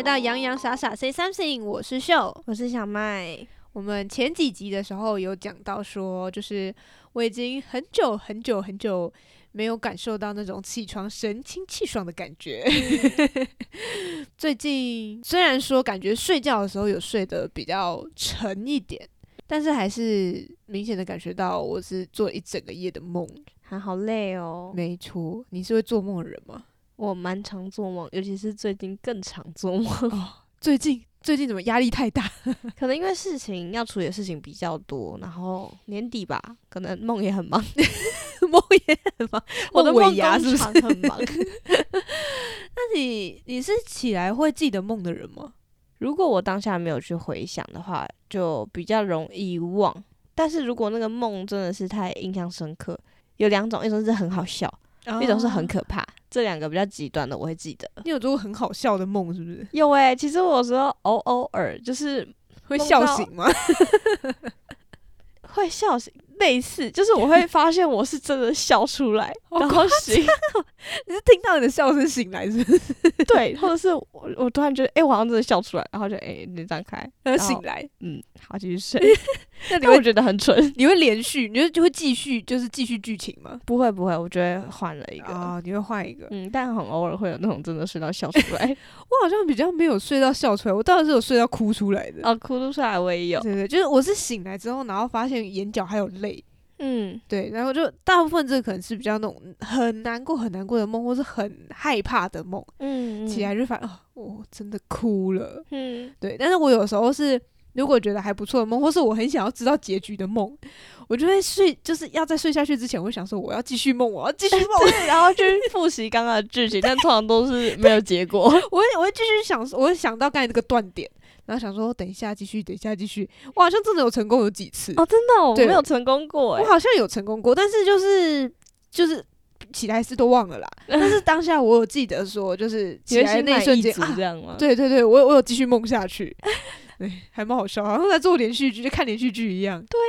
來到洋洋傻傻 say something，我是秀，我是小麥。我們前幾集的時候有講到說，就是我已經很久很久很久沒有感受到那種起床神清氣爽的感覺。 最近雖然說感覺睡覺的時候有睡得比較沉一點，但是還是明顯的感覺到我是做一整個夜的夢，還好累哦。沒錯，你是會做夢的人嗎？我蠻常做夢，尤其是最近更常做夢。哦。最近最近怎麼壓力太大？ 可能因為事情要處理的事情比較多，然後年底吧，可能夢也很忙，夢 也很忙。是是我的夢工廠是很忙。 那你你是起來會記得夢的人嗎？如果我當下沒有去回想的話，就比較容易忘。但是如果那個夢真的是太印象深刻，有兩種，一種是很好笑，哦，一種是很可怕。這兩個比較極端的我會記得，你有做過很好笑的夢是不是？有誒、欸，其實我有時候偶偶爾就是會笑醒嗎？ 會笑醒。類似就是我會發現我是真的笑出來，好 然後醒。 你是聽到你的笑聲醒來是不是？ 對，或者是我我突然覺得哎、欸，我好像真的笑出來，然後就哎、欸，你張開，然後醒來。嗯，好，繼續睡。 那你會覺得很蠢。 你會連續？你會就會繼續？就是繼續劇情嗎？不會不會，我就會換了一個。啊、哦，你會換一個？嗯，但很偶爾會有那種真的睡到笑出來。 我好像比較沒有睡到笑出來，我倒是有睡到哭出來的。啊，哭出來我也有。對，對對，就是我是醒來之後，然後發現眼角還有淚。嗯，對，然後就大部分這可能是比較那種很難過、很難過的夢，或是很害怕的夢。嗯，嗯，起來就反、現、啊、我、哦、真的哭了。嗯，對，但是我有時候是如果覺得還不錯的夢，或是我很想要知道結局的夢，我就會睡，就是要在睡下去之前，我會想說我要繼續夢，我要繼續夢夢，然後去複習剛剛的劇情， 但通常都是沒有結果。我我會繼續想，我會想到剛才這個斷點。然後想說等一下繼續，等一下繼續。我好像真的有成功有幾次哦，真的、哦、了我沒有成功過耶。我好像有成功過，但是就是就是起來時都忘了啦。嗯、但是當下我有記得說，就是起來那一瞬間，這樣嗎？啊？對對對，我我有繼續夢下去 對，還蠻好笑，好像在做連續劇，就看連續劇一樣。對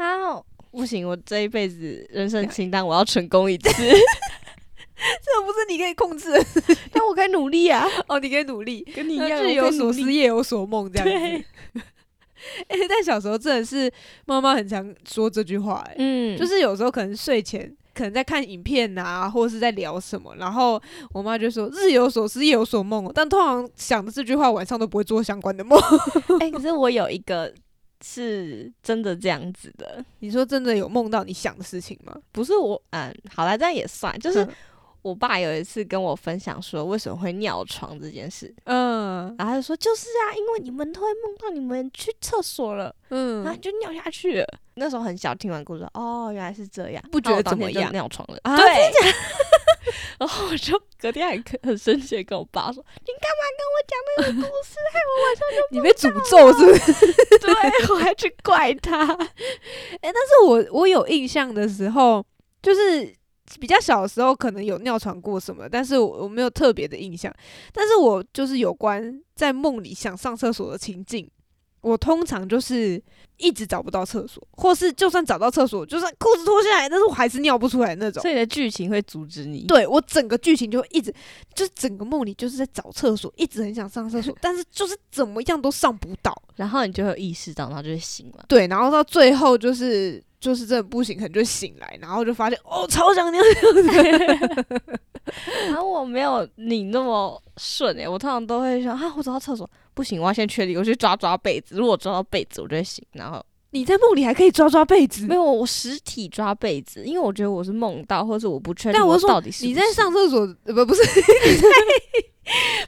呀、啊，好。不行，我這一輩子人生清單，我要成功一次。 這不是你可以控制的。 但我可以。啊、哦，你可以努力，跟你一樣日有所思，夜有所夢這樣子。哎對、 欸，但小時候真的是媽媽很常說這句話、欸，哎，嗯，就是有時候可能睡前可能在看影片啊，或者是在聊什麼，然後我媽就說日有所思，夜有所夢。但通常想的這句話，晚上都不會做相關的夢。哎、欸，可是我有一個是真的這樣子的。 你說真的有夢到你想的事情嗎？不是我，嗯，好啦，這樣也算，呵就是。我爸有一次跟我分享說為什麼會尿床這件事，嗯，然後他就說就是啊，因為你們都會夢到你們去廁所了，嗯，然後就尿下去了。那時候很小，聽完故事，哦，原來是這樣，不覺得怎麼樣，尿床了，對。啊、 然後我就隔天還很生氣，跟我爸說：“ 你幹嘛跟我講那個故事，害 我晚上就你被詛咒是不是？” 對，我還去怪他。哎、 欸，但是我我有印象的時候，就是。比較小的時候可能有尿床過什麼，但是我我沒有特別的印象。但是我就是有關在夢裡想上廁所的情境，我通常就是一直找不到廁所，或是就算找到廁所，就算褲子脫下來，但是我還是尿不出來那種。所以的劇情會阻止你。對，我整個劇情就一直就整個夢裡就是在找廁所，一直很想上廁所， 但是就是怎麼樣都上不到。然後你就有意識到，然後就醒了。對，然後到最後就是。就是這不行，可能就醒來，然後就發現哦，超想尿尿。 然後我沒有你那麼順誒、欸，我通常都會想啊，我走到廁所，不行，我要先確定，我去抓抓被子。如果我抓到被子，我就會醒。然後你在夢裡還可以抓抓被子？沒有，我實體抓被子，因為我覺得我是夢到，或是我不確定到底是不是。但我說，你在上廁所？不、呃，不是你在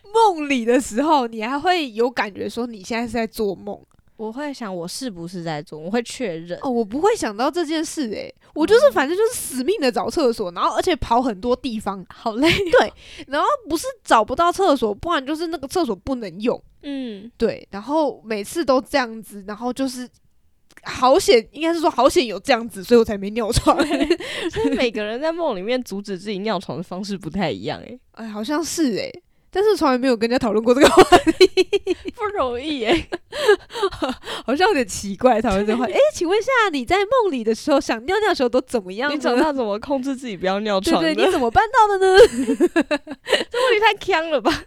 夢 裡的時候，你還會有感覺說你現在是在做夢？我會想我是不是在做，我會確認。哦，我不會想到這件事，欸，誒，我就是反正就是死命的找廁所，嗯、然後而且跑很多地方，好累。對，然後不是找不到廁所，不然就是那個廁所不能用。嗯，對，然後每次都這樣子，然後就是好險，應該是說好險有這樣子，所以我才沒尿床。對 所以每個人在夢裡面阻止自己尿床的方式不太一樣，欸，誒。哎，好像是誒、欸。但是從來沒有跟人家討論過這個話題，不容易哎、欸， 好像有點奇怪討論這個話題。誒對、欸，請問一下，你在夢裡的時候想尿尿的時候都怎麼樣呢？你早上怎麼控制自己不要尿床？對，對對，你怎麼辦到的呢？ 這問題太坑鏘了吧？誒、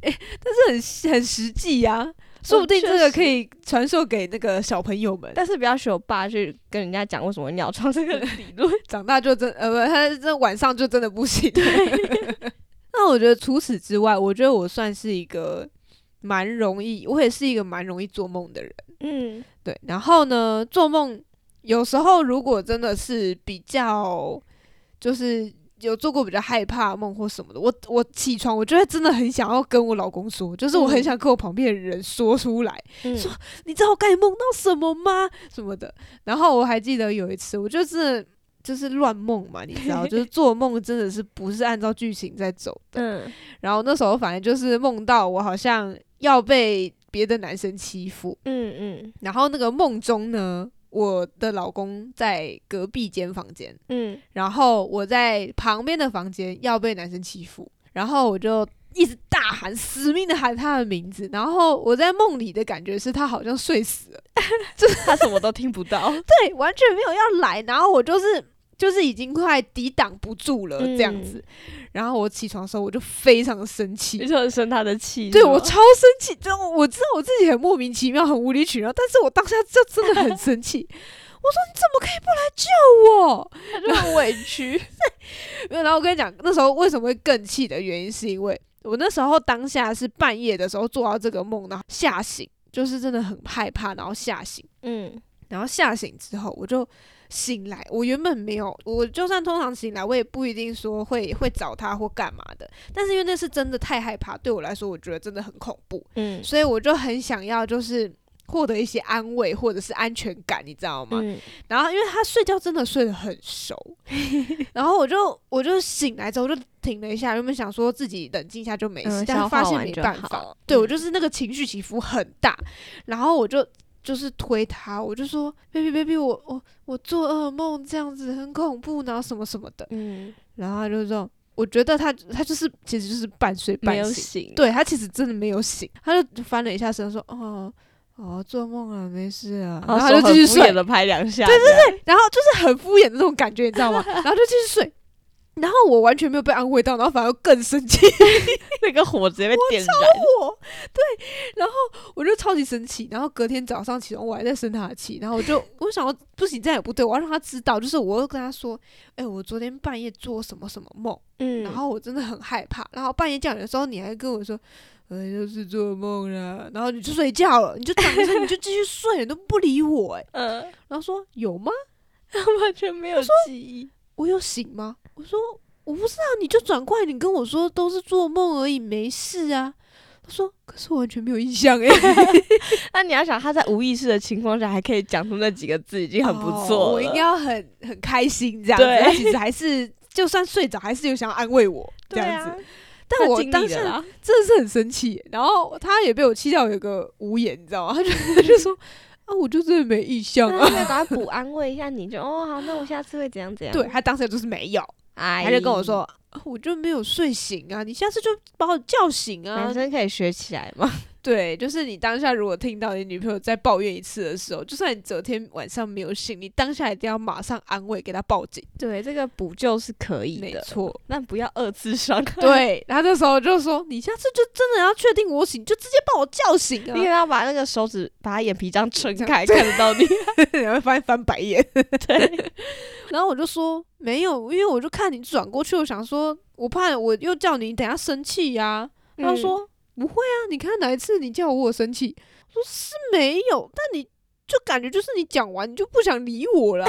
欸，但是很很實際呀、啊，說不定這個可以傳授給那個小朋友們。嗯、但是不要學我爸去跟人家講為什麼尿床這個理論，長大就真呃不是，他這晚上就真的不行。對 那我覺得除此之外，我覺得我算是一個蠻容易，我也是一個蠻容易做夢的人。嗯，對。然後呢，做夢有時候如果真的是比較，就是有做過比較害怕夢或什麼的，我我起床我就會真的很想要跟我老公說，就是我很想跟我旁邊的人說出來，嗯、說你知道我剛才夢到什麼嗎？什麼的。然後我還記得有一次，我就是。就是亂夢嘛，你知道，就是做夢真的是不是按照劇情在走的。 嗯，然後那時候反正就是夢到我好像要被別的男生欺負。嗯嗯，嗯然後那個夢中呢，我的老公在隔壁間房間。嗯，然後我在旁邊的房間要被男生欺負，然後我就。一直大喊，死命的喊他的名字，然後我在夢裡的感覺是他好像睡死了，就是 他什麼都聽不到， 對，完全沒有要來，然後我就是就是已經快抵擋不住了這樣子，嗯、然後我起床的時候我就非常生氣，就很生他的氣，對我超生氣，就我知道我自己很莫名其妙，很無理取鬧，但是我當下就真的很生氣， 我說你怎麼可以不來救我？就很委屈， 然後我跟你講那時候為什麼會更氣的原因是因為。我那時候當下是半夜的時候做到這個夢，然後嚇醒，就是真的很害怕，然後嚇醒。嗯，然後嚇醒之後我就醒來，我原本沒有，我就算通常醒來我也不一定說會會找他或幹嘛的，但是因為那是真的太害怕，對我來說我覺得真的很恐怖，嗯，所以我就很想要就是。獲得一些安慰或者是安全感，你知道嗎？嗯、然後因為他睡覺真的睡得很熟， 然後我就我就醒來之後就停了一下，原本想說自己冷靜一下就沒事，嗯、但是發現沒辦法。好對，我就是那個情緒起伏很大，嗯、然後我就就是推他，我就說，baby baby，我我我做噩夢這樣子很恐怖，然後什麼什麼的。嗯、然後他就說，我覺得他他就是其實就是半睡半醒，醒對他其實真的沒有醒，他就翻了一下身說，哦。哦，oh, 做夢了，沒事啊，oh, 然後他就繼續睡，拍兩下，對對對，然後就是很敷衍的那種感覺， 你知道嗎？然後就繼續睡，然後我完全沒有被安慰到，然後反而又更生氣， 那個火直接被點着。對，然後我就超級生氣，然後隔天早上起床，我還在生他的氣，然後我就。 我想要，不行，這樣也不對，我要讓他知道，就是我又跟他說，哎、欸，我昨天半夜做什麼什麼夢，嗯，然後我真的很害怕，然後半夜叫你的時候，你還跟我說，哎，又、就是做夢啦，然後你就， 就睡覺了，你就躺着， 你就繼續睡，你都不理我、欸，哎，嗯，然後說有嗎？然後 完全沒有記憶，我說，我有醒嗎？我說我不知道、啊，你就轉過來，你跟我說都是做夢而已，沒事啊。他說：“可是我完全沒有印象耶。” 那你要想，他在無意識的情況下還可以講出那幾個字，已經很不錯了，哦。我應該要很很開心這樣子。對他其實還是就算睡着，還是有想要安慰我這樣子。啊，但我當時真的是很生氣，然後他也被我氣到有個無言，你知道嗎？他就 他就說：“啊，我就是沒印象啊。 對”那可以把他補安慰一下，你就哦好，那我下次會怎樣怎樣？對他當時就是沒有。他就跟我說唉、啊：“我就沒有睡醒啊，你下次就把我叫醒啊。”男生可以學起來嗎？對，就是你當下如果聽到你女朋友再抱怨一次的時候，就算你昨天晚上沒有醒，你當下一定要馬上安慰給她，報警。對，這個補救是可以的，沒錯錯。但不要二次傷害。對，然後那時候就說， 你下次就真的要確定我醒，就直接把我叫醒啊！你也要把那個手指，把他眼皮這樣撐開，嗯、看，看得到你，然後對 翻翻白眼。 對，然後我就說沒有，因為我就看你轉過去，我想說我怕我又叫你，你等下生氣呀、啊。嗯、他說。不會啊，你看哪一次你叫我我生氣，我說是沒有，但你就感覺就是你講完你就不想理我啦。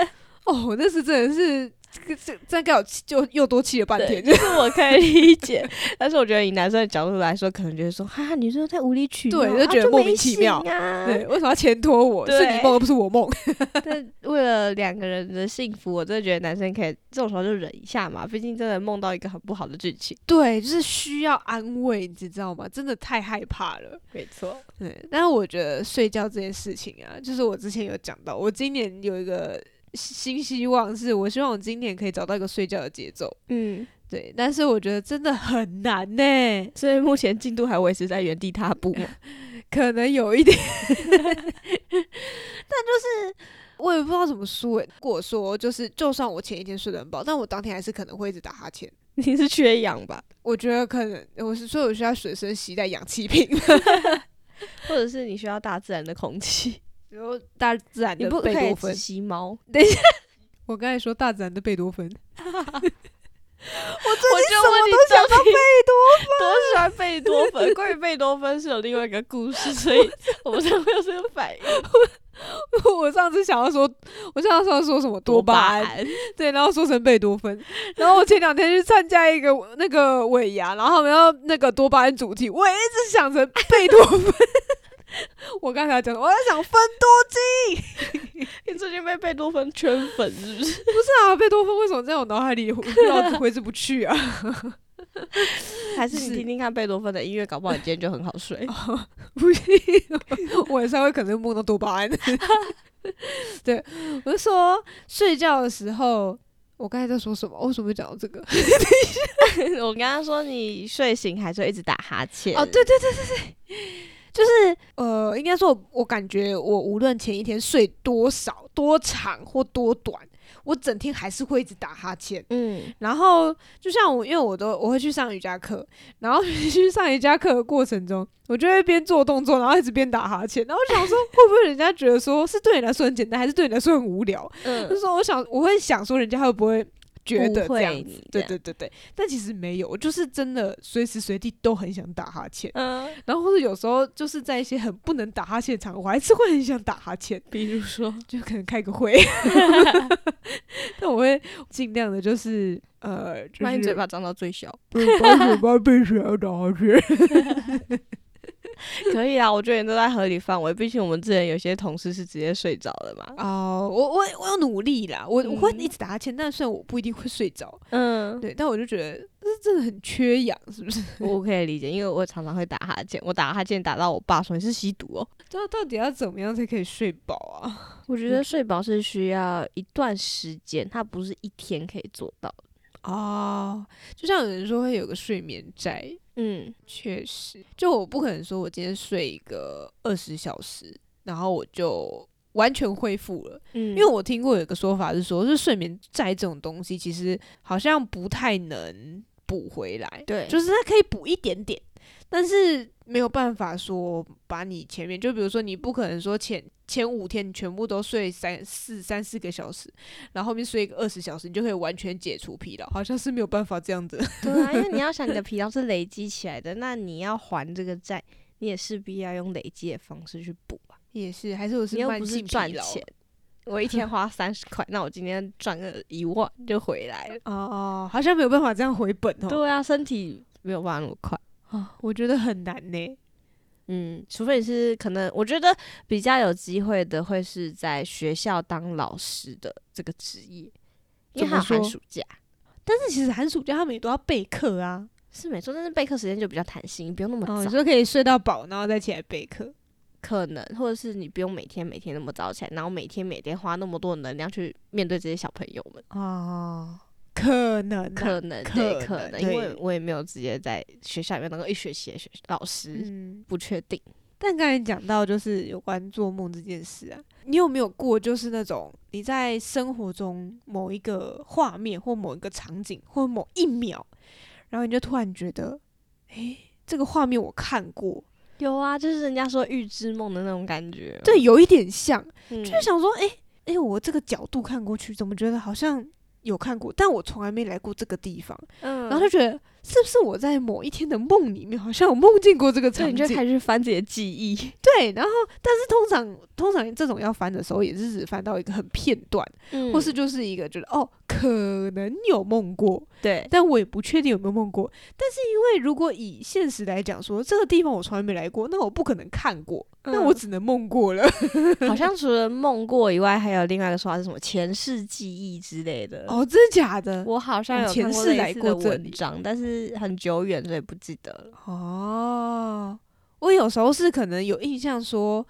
哦，那是真的是。這個，這剛、個、好、這個、就又多氣了半天，就是我可以理解。 但是我覺得以男生的角度來說，可能覺得說，哈，女生太無理取鬧，對，就覺得莫名其妙、啊、對，為什麼要牽拖我？對是你夢，而不是我夢。 但為了兩個人的幸福，我真的覺得男生可以這種時候就忍一下嘛，畢竟真的夢到一個很不好的劇情。對，就是需要安慰，你知道嗎？真的太害怕了，沒錯。對，但是我覺得睡覺這件事情啊，就是我之前有講到，我今年有一個。新希望是我希望我今年可以找到一個睡覺的節奏，嗯，對，但是我覺得真的很難呢，所以目前進度還維持在原地踏步， 可能有一點，但就是我也不知道怎麼 說。如果說就是，就算我前一天睡得很飽，但我當天還是可能會一直打哈欠。你是缺氧吧？我覺得可能我是，所以我需要隨身攜帶氧氣瓶， 或者是你需要大自然的空氣。比如大自然的貝多芬，你不等一下，我剛才說大自然的貝多芬， 我最近什麼都想到貝多芬，我就問你，多喜歡貝多芬。關於貝多芬是有另外一個故事，所以我不是沒有這個反應我。我上次想要說，我上次想要說什麼多巴胺，多巴胺對，然後說成貝多芬。然後我前兩天去參加一個那個尾牙，然後然後那個多巴胺主題，我也一直想成貝多芬。 我剛才講，我在想芬多精， 你最近被貝多芬圈粉是不是？不是啊，貝多芬為什麼在我腦海裡揮之揮之不去啊？ 還是你聽聽看貝多芬的音樂， 搞不好你今天就很好睡。不行，晚上會可能夢到多巴胺。 對，我就說睡覺的時候，我剛才在說什麼？哦、為什麼講到這個？ 下 我剛剛說你睡醒還是一直打哈欠。哦，對對對對對。就是呃，應該說我，我感覺我無論前一天睡多少、多長或多短，我整天還是會一直打哈欠。嗯，然後就像我，因為我都我會去上瑜伽課，然後去上瑜伽課的過程中，我就會邊做動作，然後一直邊打哈欠。然後我想說，會不會人家覺得說是對你來說很簡單， 還是對你來說很無聊？嗯，就說我想，我會想說，人家會不會？覺得這樣子，對對對對，但其實沒有，我就是真的隨時隨地都很想打哈欠，呃、然後或者有時候就是在一些很不能打哈欠場合，我還是會很想打哈欠。比如說，就可能開個會， 但我會盡量的、就是呃，就是呃，把你嘴巴張到最小，把嘴巴閉起來打哈欠。 可以啊，我覺得你都在合理範圍。畢竟我們之前有些同事是直接睡着的嘛。哦、uh，我我我要努力啦，我我會一直打哈欠，嗯、但是我不一定會睡着，嗯，對。但我就覺得這真的很缺氧，是不是？我可以理解，因為我常常會打哈欠，我打哈欠打到我爸說你是吸毒哦、喔。那到底要怎麼樣才可以睡飽啊？我覺得睡飽是需要一段時間，它不是一天可以做到的。哦，oh, 就像有人說會有個睡眠債，嗯，確實，就我不可能說我今天睡一個二十小時，然後我就完全恢復了，嗯，因為我聽過有個說法是說，是睡眠債這種東西其實好像不太能補回來，對，就是它可以補一點點，但是沒有辦法說把你前面，就比如說你不可能說前。前五天你全部都睡三四三四個小時，然後後面睡一個二十小時，你就可以完全解除疲勞，好像是沒有辦法這樣子。對啊，因為你要想你的疲勞是累積起來的， 那你要還這個債，你也勢必要用累積的方式去補啊。也是，還是我是又不是賺錢。我一天花三十塊， 那我今天賺個一萬就回來了。哦哦，好像沒有辦法這樣回本。哦、對啊，身體沒有辦法那麼快啊。哦，我覺得很難呢。欸。嗯，除非你是可能，我覺得比較有機會的會是在學校當老師的這個職業，因為還有寒暑假。嗯、但是其實寒暑假他們也都要備課啊，是沒錯。但是備課時間就比較彈性，不用那麼早、哦。你說可以睡到飽，然後再起來備課，可能，或者是你不用每天每天那麼早起來，然後每天每天花那麼多能量去面對這些小朋友們啊。哦可能，可能，可能，可能對因為我也沒有直接在學校裡面當過一學期的學老師，嗯、不確定。但剛才講到就是有關做夢這件事啊，你有沒有過就是那種你在生活中某一個畫面或某一個場景或某一秒，然後你就突然覺得，誒、欸，這個畫面我看過。有啊，就是人家說預知夢的那種感覺，對，有一點像，嗯、就是想說，誒、欸，誒、欸，我這個角度看過去，怎麼覺得好像。有看過，但我從來沒來過這個地方，嗯，然後就覺得。是不是，我在某一天的夢裡面，好像有夢見過這個場景？你就開始翻自己的記憶。 對，然後但是通常通常這種要翻的時候，也是只翻到一個很片段，嗯、或是就是一個覺、就、得、是、哦，可能有夢過。對，但我也不確定有沒有夢過。但是因為如果以現實來講，說這個地方我從來沒來過，那我不可能看過，那我只能夢過了。嗯、 好像除了夢過以外，還有另外一個說法是什麼前世記憶之類的？哦，真的假的？我好像有前世來過文章，但是。是很久遠，所以不記得了。哦，我有時候是可能有印象說，說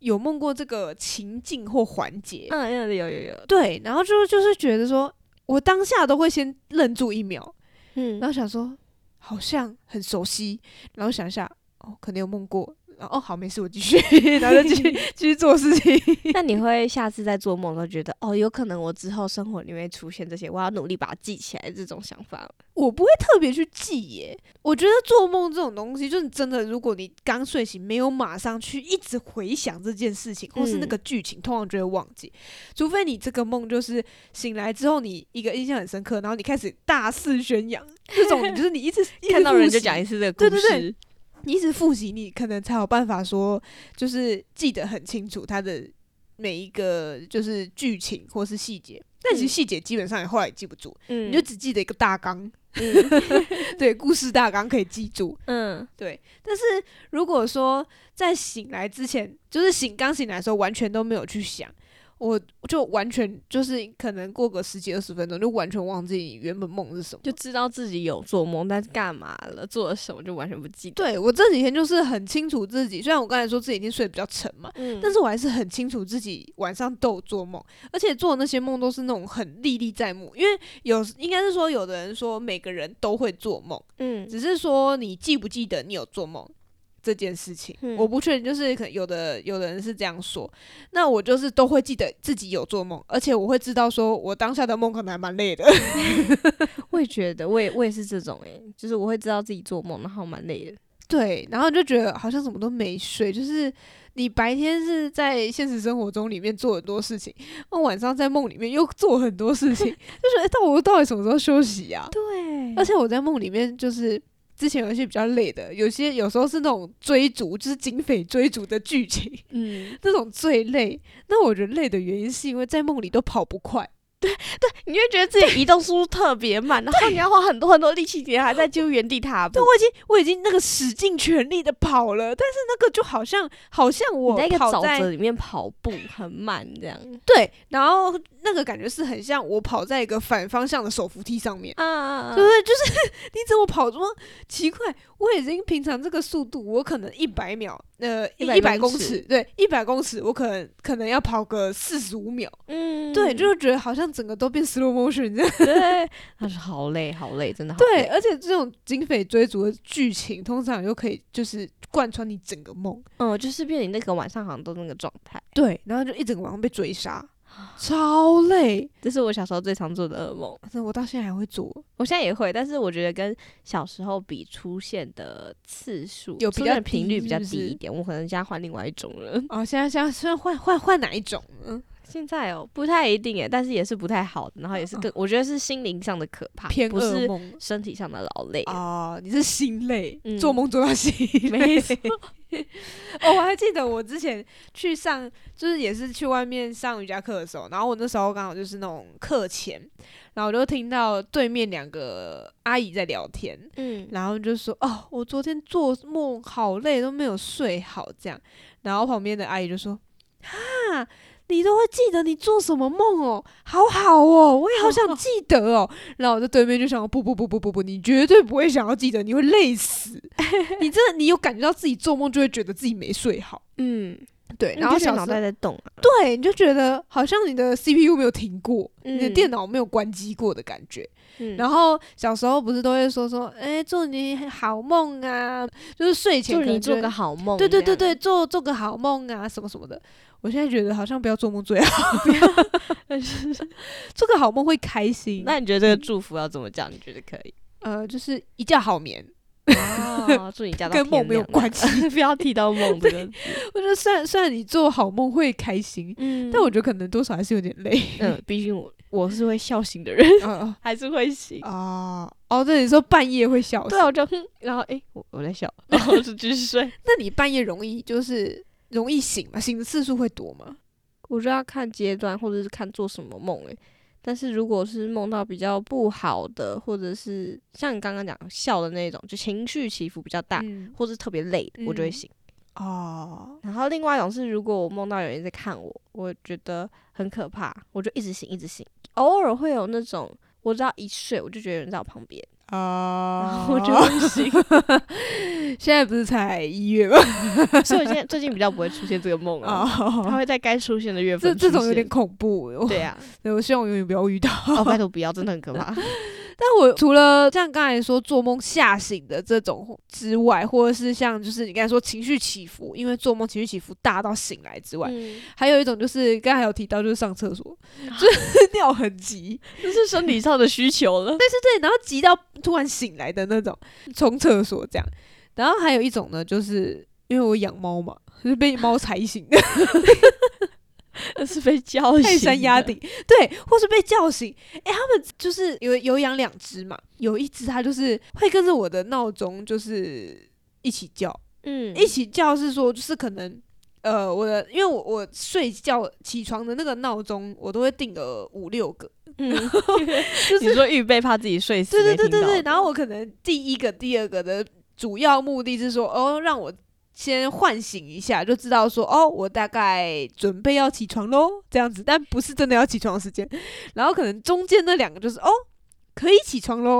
有夢過這個情境或環節。嗯，有有有有。對，然後就就是覺得說，我當下都會先愣住一秒。嗯，然後想說好像很熟悉，然後想一下，哦，可能有夢過。哦，哦，好，沒事，我繼續， 然後繼續繼 續做事情。 那你會下次再做夢都覺得，哦，有可能我之後生活裡面出現這些，我要努力把它記起來，這種想法嗎？我不會特別去記耶。我覺得做夢這種東西，就是真的，如果你剛睡醒沒有馬上去一直回想這件事情，或是那個劇情，嗯、通常就會忘記。除非你這個夢就是醒來之後，你一個印象很深刻，然後你開始大肆宣揚， 這種就是你一直一看到人就講一次這個故事。對對對。你一直複習，你可能才有辦法說，就是記得很清楚，它的每一個就是劇情或是細節。但其實細節基本上也後來也記不住，嗯，你就只記得一個大綱。嗯， 對，故事大綱可以記住。嗯，對。但是如果說在醒來之前，就是醒，剛醒來的時候，完全都沒有去想。我就完全就是可能過個十幾二十分鐘就完全忘記原本夢是什麼，就知道自己有做夢，但是幹嘛了，做了什麼就完全不記得。對，我這幾天就是很清楚自己，雖然我剛才說自己已經睡得比較沉嘛，嗯，但是我還是很清楚自己晚上都有做夢，而且做那些夢都是那種很歷歷在目，因為有，應該是說有的人說每個人都會做夢，嗯，只是說你記不記得你有做夢。這件事情，嗯、我不確定，就是可能有的有的人是這樣說，那我就是都會記得自己有做夢，而且我會知道，說我當下的夢可能還蠻累的。我也 覺得，我也我也是這種、欸，誒，就是我會知道自己做夢，然後蠻累的。對，然後就覺得好像什麼都沒睡，就是你白天是在現實生活中裡面做很多事情，那晚上在夢裡面又做很多事情， 就是哎、欸，但我到底什麼時候休息呀、啊？對，而且我在夢裡面就是。之前有些比較累的，有些有時候是那種追逐，就是警匪追逐的劇情，嗯，那種最累。那我覺得累的原因是因為在夢裡都跑不快，對對，你就會覺得自己移動速度特別慢，對然後你要花很多很多力氣，你還在就原地踏步。對，我已經我已經那個使盡全力的跑了，但是那個就好像好像我跑在，在一個沼澤裡面跑步很慢這樣。嗯、對，然後。那個感覺是很像我跑在一個反方向的手扶梯上面，啊，對不對？就是你怎麼跑這麼奇怪？我已經平常這個速度，我可能一百秒呃一百一百公尺，對一百公尺，公尺我可能可能要跑個四十五秒。嗯，對，就覺得好像整個都變 slow motion 這樣。對，但是好累好累，真的好累。對，而且這種警匪追逐的劇情，通常又可以就是貫穿你整個夢。嗯，就是變你那個晚上好像都那個狀態。對，然後就一整個晚上被追殺。超累，這是我小時候最常做的噩夢。那我到現在還會做，我現在也會，但是我覺得跟小時候比出現的次數有比較頻率比較低一點。是不是？我可能現在換另外一種了。哦，現在現在現在換換換哪一種呢？嗯。現在哦，不太一定耶，但是也是不太好的，然後也是更、啊、我覺得是心靈上的可怕，偏惡夢，不是身體上的勞累哦、啊。你是心累，嗯、做夢做到心累。沒錯 哦，我還記得我之前去上，就是也是去外面上瑜伽課的時候，然後我那時候剛好就是那種課前，然後我就聽到對面兩個阿姨在聊天，嗯，然後就說哦，我昨天做夢好累，都沒有睡好，這樣，然後旁邊的阿姨就說，哈。你都會記得你做什麼夢哦、喔，好好哦、喔，我也好想記得哦、喔。好好。然後我在對面就想，不不不不不不，你絕對不會想要記得，你會累死。 你真的，你有感覺到自己做夢就會覺得自己沒睡好。嗯，對。然後腦、嗯、袋在動、啊，對，你就覺得好像你的 CPU 沒有停過，嗯、你的電腦沒有關機過的感覺。嗯、然後小時候不是都會說說，哎、欸，祝你好夢啊，就是睡前就你做個好夢，對對對對，做做個好夢啊，什麼什麼的。我現在覺得好像不要做夢最好要， 但是做個好夢會開心。那你覺得這個祝福要怎麼講？你覺得可以？呃，就是一覺好眠。啊，oh, 祝你覺到跟夢沒有關係， 不要提到夢。對，我覺得雖然雖然你做好夢會開心，嗯，但我覺得可能多少還是有點累。嗯，畢竟我我是會笑醒的人，嗯，還是會醒。哦、呃，哦，對，你說半夜會笑。對，我就哼然後哎、欸，我我在笑，然後是繼續睡。 那你半夜容易就是？容易醒嗎？醒的次數會多嗎？我覺得要看階段，或者是看做什麼夢。誒。但是如果是夢到比較不好的，或者是像你剛剛講笑的那種，就情緒起伏比較大，嗯、或者特別累，我就會醒。哦、嗯。然後另外一種是，如果我夢到有人在看我，我覺得很可怕，我就一直醒，一直醒。偶爾會有那種，我只要一睡，我就覺得有人在我旁邊。啊，uh, 我覺得不行。 現在不是才一月嗎？ 所以，我現在最近比較不會出現這個夢啊。他、uh, 會在該出現的月份出現。這這種有點恐怖，欸，對呀，啊，所以我希望我永遠不要遇到。Oh, 拜託不要，真的很可怕。 但我除了像剛才說做夢嚇醒的這種之外，或者是像就是你剛才說情緒起伏，因為做夢情緒起伏大到醒來之外，嗯、還有一種就是剛才有提到就是上廁所，啊、就是尿很急，就是生理上的需求了。對，是對，然後急到突然醒來的那種衝廁所這樣，然後還有一種呢，就是因為我養貓嘛，就是被貓踩醒的。啊 是被叫醒，泰山壓頂，對，或是被叫醒。誒、欸，他們就是有有養兩隻嘛，有一隻它就是會跟着我的鬧鐘，就是一起叫，嗯，一起叫是說就是可能呃，我的因為我我睡覺起床的那個鬧鐘我都會定個五六個，嗯， 就是你說預備怕自己睡死，對對對對對。然後我可能第一個第二個的主要目的，是說哦，讓我。先喚醒一下，就知道說哦，我大概準備要起床嘍，這樣子，但不是真的要起床的時間。然後可能中間那兩個就是哦，可以起床嘍，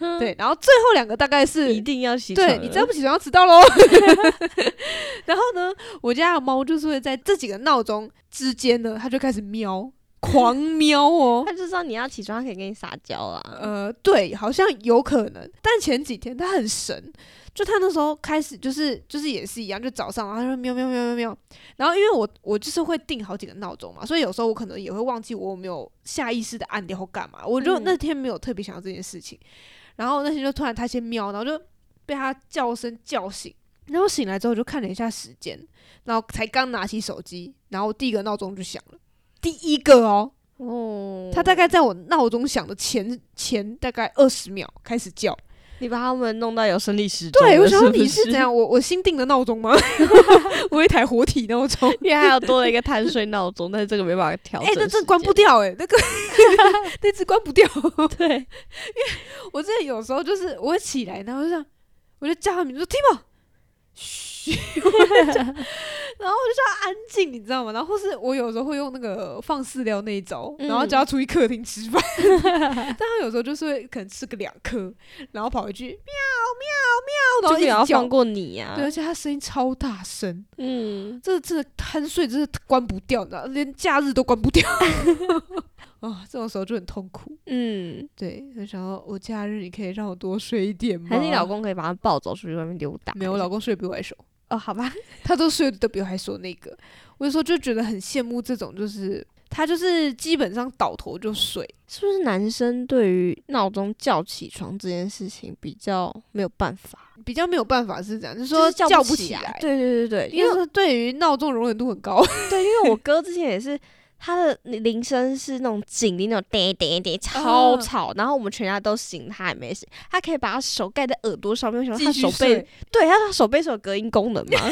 嗯、對。然後最後兩個大概是一定要起床，對，你再不起床要遲到嘍。 然後呢，我家的貓就是會在這幾個鬧鐘之間呢，它就開始喵。狂喵哦！ 他就知道你要起床，他可以跟你撒嬌啊。呃，對，好像有可能。但前幾天他很神，就他那時候開始，就是就是也是一樣，就早上，然後他說喵喵喵喵喵。然後因為我我就是會定好幾個鬧鐘嘛，所以有時候我可能也會忘記我沒有下意識的按掉或幹嘛。我就那天沒有特別想到這件事情，然後那天就突然他先喵，然後就被他叫聲叫醒，然後醒來之後就看了一下時間，然後才剛拿起手機，然後我第一個鬧鐘就響了。第一個、喔、哦，哦，它大概在我鬧鐘響的前前大概二十秒開始叫。你把他們弄到有生理時鐘？對，我想說你是怎樣？ 我我新定的鬧鐘嗎？ 我一台活體鬧鐘，你還要多了一個貪睡鬧鐘， 但是這個沒辦法調整。哎、欸，這這關不掉哎、欸，那個那只關不掉。 對， 因為我真的有時候就是我起來，然後我就這樣我就叫他們就說 Tim 噓。 然後我就叫他安靜，你知道嗎？然後或是我有時候會用那個放飼料那一招，然後叫他出去客廳吃飯。嗯、 但他有時候就是會可能吃個兩顆，然後跑回去喵喵喵，就不要放過你呀！對，而且他聲音超大聲，嗯，這個貪睡，真是關不掉的，連假日都關不掉。嗯、 啊，這種時候就很痛苦。嗯，對，想說我假日你可以讓我多睡一點嗎？還是你老公可以把他抱走出去外面溜達？沒有，我老公睡得比我還熟。哦，好吧， 他都睡得比我還說那個，我有時候就覺得很羨慕這種，就是他就是基本上倒頭就睡，是不是男生對於鬧鐘叫起床這件事情比較沒有辦法？比較沒有辦法是這樣，就是說就是叫不起來，對對對對對，因為，因為對於鬧鐘容忍度很高，對，因為我哥之前也是。他的鈴聲是那種警鈴，那種叮叮叮，超吵，oh. 然後我們全家都醒，他也沒醒。他可以把他手蓋在耳朵上面，為什麼？他手背，對，他說手背是有隔音功能嘛？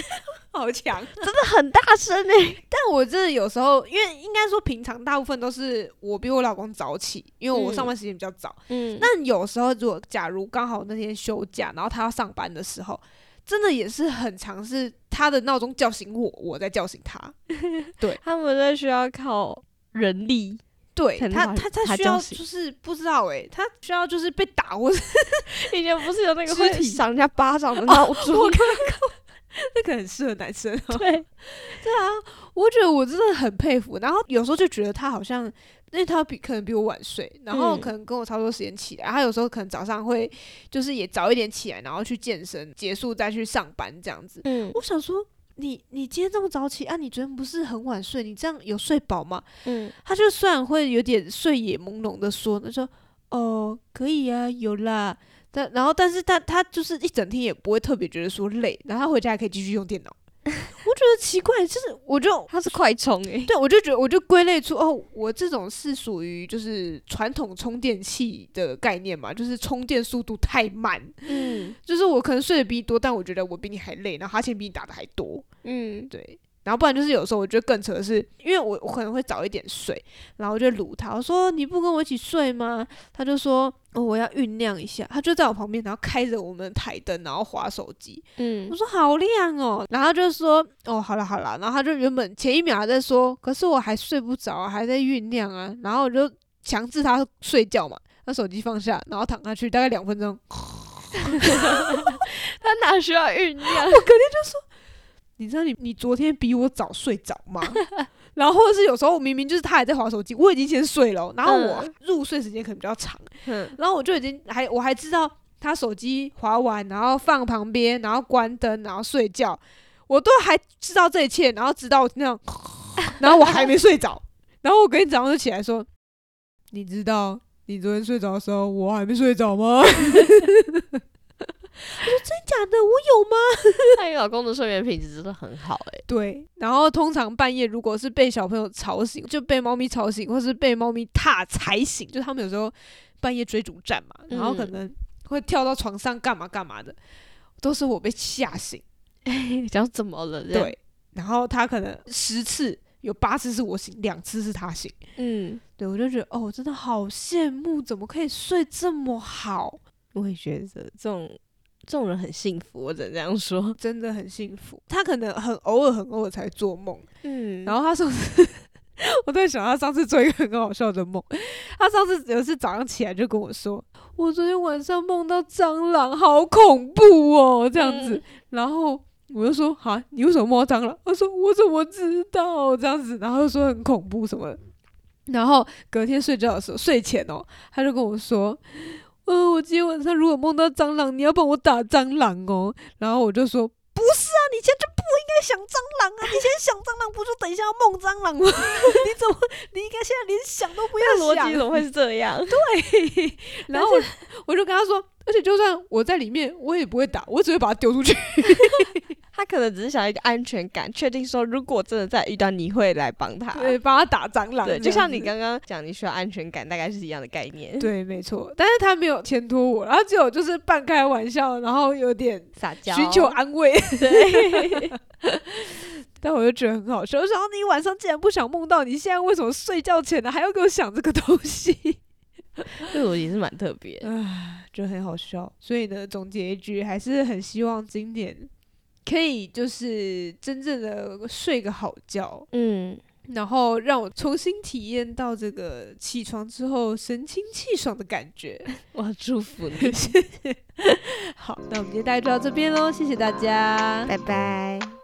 好強強，真的很大聲呢、欸。 但我真的有時候，因為應該說平常大部分都是我比我老公早起，因為我上班時間比較早。嗯，那有時候如果假如剛好那天休假，然後他要上班的時候。真的也是很強勢，他的鬧鐘叫醒我，我在叫醒他。對，他們在需要靠人力。對，他他他需要就是不知道誒、欸，他，他需要就是被打。我以前不是有那個會賞人家巴掌的鬧鐘，這、哦、 那個很適合男生、哦。對，對啊，我覺得我真的很佩服。然後有時候就覺得他好像。因為他比可能比我晚睡，然後可能跟我差不多時間起來。嗯，他有時候可能早上會就是也早一點起來，然後去健身，結束再去上班這樣子。嗯，我想說你你今天這麼早起啊？你昨天不是很晚睡？你這樣有睡飽嗎？嗯，他就雖然會有點睡眼朦朧的說，他說哦，可以啊有啦，但然後但是他他就是一整天也不會特別覺得說累，然後他回家還可以繼續用電腦。就奇怪，就是我覺得它是快充誒、欸。對，我就覺得我就歸類出哦，我這種是屬於就是傳統充電器的概念嘛，就是充電速度太慢，嗯，就是我可能睡得比你多，但我覺得我比你還累，然後哈欠比你打的還多，嗯，對。然後不然就是有時候我覺得更扯的是，因為我我可能會早一點睡，然後我就擼他，我說你不跟我一起睡嗎？他就說、哦、我要醞釀一下，他就在我旁邊，然後開着我們的台燈，然後滑手機。嗯，我說好亮哦，然後他就說哦，好了好了，然後他就原本前一秒還在說，可是我還睡不着、啊、還在醞釀啊，然後我就強制他睡覺嘛，他手機放下，然後躺下去，大概兩分鐘。 他哪需要醞釀？ 我肯定就說。你知道你你昨天比我早睡着嗎？ 然後或者是有時候我明明就是他還在滑手機，我已經先睡了。然後我入睡時間可能比較長，嗯、然後我就已經還我還知道他手機滑完，然後放旁邊，然後關燈，然後睡覺，我都還知道這一切，然後直到那樣， 然後我還沒睡着，然後我跟你早上就起來說，你知道你昨天睡着的時候我還沒睡着嗎？ 我說真的假的，我有嗎？那 你老公的睡眠品質真的很好誒、欸。對，然後通常半夜如果是被小朋友吵醒，就被貓咪吵醒，或是被貓咪踏踩醒，就他們有時候半夜追逐戰嘛，然後可能會跳到床上幹嘛幹嘛的，嗯、都是我被嚇醒。講、欸、怎麼了？對，然後他可能十次有八次是我醒，兩次是他醒。嗯，對，我就覺得哦，真的好羨慕，怎麼可以睡這麼好？我也覺得這種。這種人很幸福，我只能這樣說。真的很幸福。他可能很偶爾、很偶爾才做夢。嗯，然後他說我在想他上次做一個很好笑的夢。他上次有一次早上起來就跟我說：“我昨天晚上夢到蟑螂，好恐怖哦！”這樣子，嗯、然後我就說：“啊，你為什麼夢到蟑螂？”他說：“我怎麼知道？”這樣子，然後就說很恐怖什麼。然後隔天睡覺的時候，睡前哦，他就跟我說。嗯、哦，我今天晚上如果夢到蟑螂，你要幫我打蟑螂哦。然後我就說，不是啊，你現在不應該想蟑螂啊， 你現在想蟑螂不是等一下要夢蟑螂嗎？ 你怎麼，你應該現在連想都不要想。那個邏輯怎麼會是這樣？對， 然後我，但是我就跟他說，而且就算我在裡面，我也不會打，我只會把它丟出去。 他可能只是想要一個安全感，確定說如果真的再遇到，你會來幫他，對，幫他打蟑螂，對，就像你剛剛講，你需要安全感，大概是一樣的概念，對，沒錯。但是他沒有牽拖我，然後只有就是半開玩笑，然後有點撒嬌，尋求安慰。但我就覺得很好笑，我想你晚上既然不想夢到，你現在為什麼睡覺前呢還要給我想這個東西？ 這我也是蠻特別啊，就很好笑。所以呢，總結一句，還是很希望今年。可以就是真正的睡個好覺，嗯，然後讓我重新體驗到這個起床之後神清氣爽的感覺。我祝福你，謝謝。好，那我們今天大家就到這邊嘍，謝謝大家，拜拜。